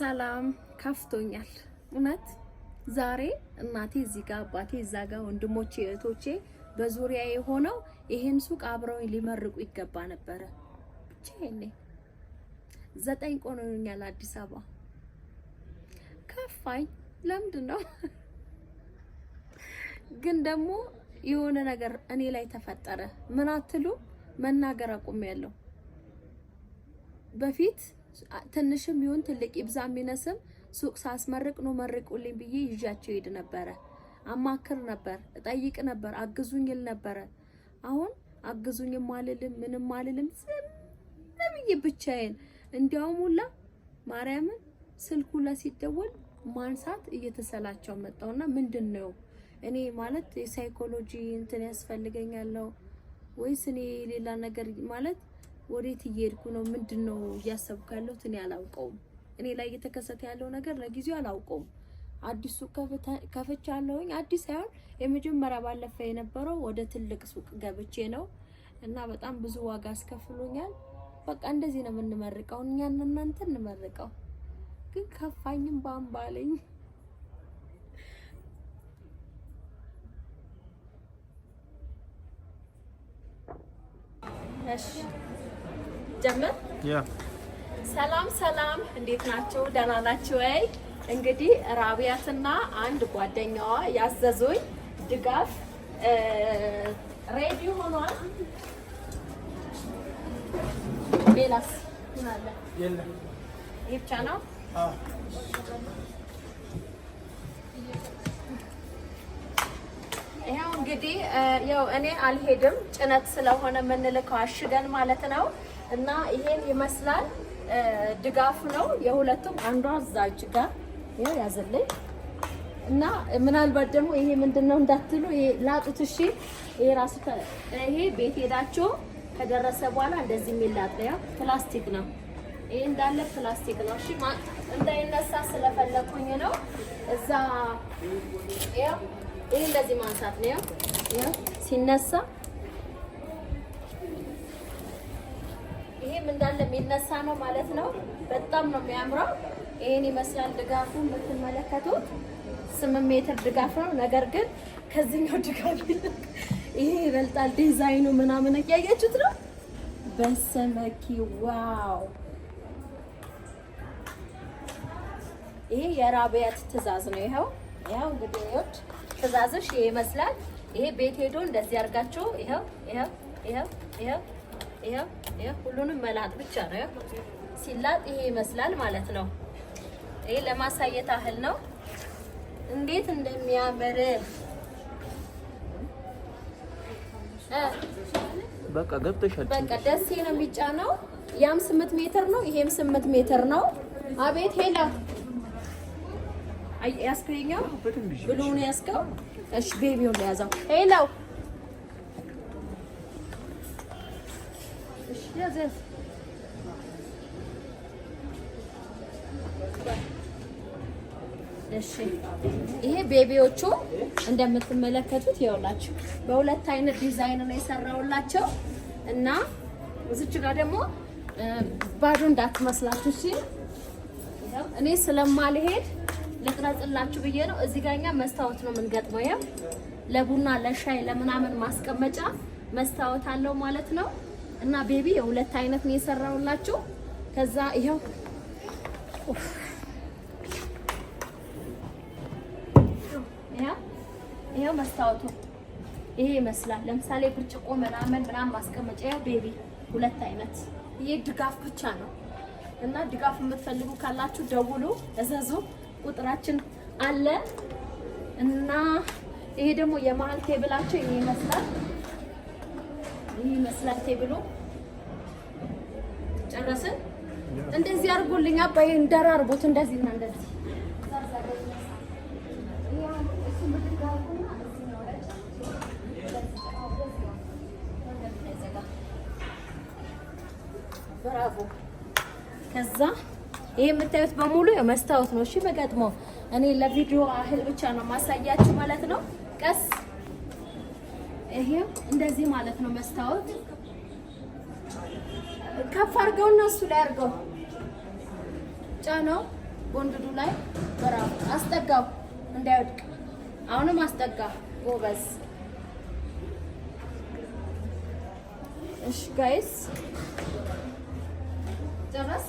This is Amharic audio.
ሰላም ከፍቶኛል። እውነት ዛሬ እናቴ እዚህ ጋር፣ አባቴ እዛ ጋር፣ ወንድሞቼ እህቶቼ በዙሪያ የሆነው ይሄን ሱቅ አብረው ሊመርቁ ይገባ ነበረ። ብቻዬን ዘጠኝ ቆኖኛል አዲስ አበባ። ከፋኝ። ለምንድን ነው ግን ደግሞ የሆነ ነገር እኔ ላይ ተፈጠረ። ምን አትሉ መናገር ያለው በፊት ትንሽም ይሁን ትልቅ ይብዛ የሚነስም ሱቅ ሳስመርቅ ነው መርቁልኝ ብዬ ይዣቸው ሄድ ነበረ። አማክር ነበር፣ እጠይቅ ነበር፣ አግዙኝ ል ነበረ። አሁን አግዙኝም አልልም ምንም አልልም፣ ዝም ብዬ ብቻዬን። እንዲያውም ሁላ ማርያምን ስልኩ ለሲደወል ማንሳት እየተሰላቸው መጣውና ምንድን ነው እኔ ማለት የሳይኮሎጂ እንትን ያስፈልገኛለው ወይስ እኔ ሌላ ነገር ማለት ወዴት እየሄድኩ ነው? ምንድን ነው እያሰብኩ ያለሁት? እኔ አላውቀውም። እኔ ላይ እየተከሰተ ያለው ነገር ለጊዜው አላውቀውም። አዲስ ሱቅ ከፍቻ አለሁኝ። አዲስ ሳይሆን የመጀመሪያ ባለፈ የነበረው ወደ ትልቅ ሱቅ ገብቼ ነው እና በጣም ብዙ ዋጋ አስከፍሎኛል። በቃ እንደዚህ ነው የምንመርቀው፣ እኛን እናንተ እንመርቀው። ግን ከፋኝም ባምባለኝ እሺ ጀምር። ሰላም ሰላም፣ እንዴት ናችሁ? ደህና ናችሁ ወይ? እንግዲህ ራቢያትና አንድ ጓደኛዋ ያዘዙኝ ድጋፍ ሬዲ ሆኗል። ሌላስ ይህ ብቻ ነው። ይኸው እንግዲህ ያው እኔ አልሄድም ጭነት ስለሆነ የምንልከው አሽገን ማለት ነው። እና ይሄን ይመስላል ድጋፍ ነው የሁለቱም አንዷ አዛዥ ጋር ይኸው ያዘለኝ እና ምናልባት ደግሞ ይሄ ምንድን ነው እንዳትሉ ላጡት። እሺ ይሄ ራሱ ይሄ ቤት ሄዳችሁ ከደረሰ በኋላ እንደዚህ የሚላጥ ያው ፕላስቲክ ነው። ይሄ እንዳለ ፕላስቲክ ነው። እሺ እንዳይነሳ ስለፈለኩኝ ነው እዛ ይህ እንደዚህ ማንሳት ነው። ሲነሳ ይሄም እንዳለ የሚነሳ ነው ማለት ነው። በጣም ነው የሚያምረው። ይሄን ይመስላል ድጋፉ የምትመለከቱት ስምንት ሜትር ድጋፍ ነው። ነገር ግን ከዚህኛው ድጋፍ ይሄ ይበልጣል። ዲዛይኑ ምናምን እያያችሁት ነው። በሰመኪ ዋው! ይሄ የራቢያት ትዕዛዝ ነው። ይኸው ይኸው እንግዲህ ትእዛዝሽ ይሄ ይመስላል። ይሄ ቤት ሄዶ እንደዚህ አድርጋችሁ ይኸው ይኸው ይኸው ይኸው ይኸው ይኸው ሁሉንም መላጥ ብቻ ነው። ሲላጥ ይሄ ይመስላል ማለት ነው። ይሄ ለማሳየት አህል ነው እንዴት እንደሚያምር በቃ ገብተሻል። በቃ ደሴ ነው የሚጫነው። ያም ስምንት ሜትር ነው፣ ይሄም ስምንት ሜትር ነው። አቤት ሄላ ያስከኛው ብሎ ነው ያስከው። እሺ ቤቢውን ለያዘው። ሄሎ እሺ ያዘ እሺ ይሄ ቤቢዎቹ እንደምትመለከቱት ይኸውላችሁ በሁለት አይነት ዲዛይን ነው የሰራውላቸው እና እዚች ጋር ደግሞ ባዶ እንዳትመስላችሁ ሲል እኔ ስለማልሄድ ልቅረጽላችሁ ብዬ ነው። እዚህ ጋር እኛ መስታወት ነው የምንገጥመው። ያው ለቡና ለሻይ ለምናምን ማስቀመጫ መስታወት አለው ማለት ነው። እና ቤቢ የሁለት አይነት ነው የሰራውላችሁ። ከዛ ይኸው ይኸው መስታወቱ ይሄ ይመስላል። ለምሳሌ ብርጭቆ ምናምን ምናምን ማስቀመጫ ያው ቤቢ ሁለት አይነት። ይሄ ድጋፍ ብቻ ነው እና ድጋፍ የምትፈልጉ ካላችሁ ደውሉ፣ እዘዙ። ቁጥራችን አለ እና ይሄ ደግሞ የመሀል ቴብላቸው ይሄ ይመስላል። ይሄ ይመስላል ቴብሉ። ጨረስን። እንደዚህ አድርጎልኝ አባዬ እንደራርቦት እንደዚህ እና እንደዚህ ብራቮ ከዛ ይሄ የምታዩት በሙሉ መስታወት ነው። እሺ የሚገጥመው እኔ ለቪዲዮ አህል ብቻ ነው ማሳያችሁ ማለት ነው። ቀስ ይሄ እንደዚህ ማለት ነው። መስታወት ከፍ አድርገው እና እሱ ላይ አድርገው ጫነው፣ ጎንድዱ ላይ በራፍ አስጠጋው እንዳይወድቅ። አሁንም አስጠጋ ጎበዝ። እሺ ጋይስ ጨረስ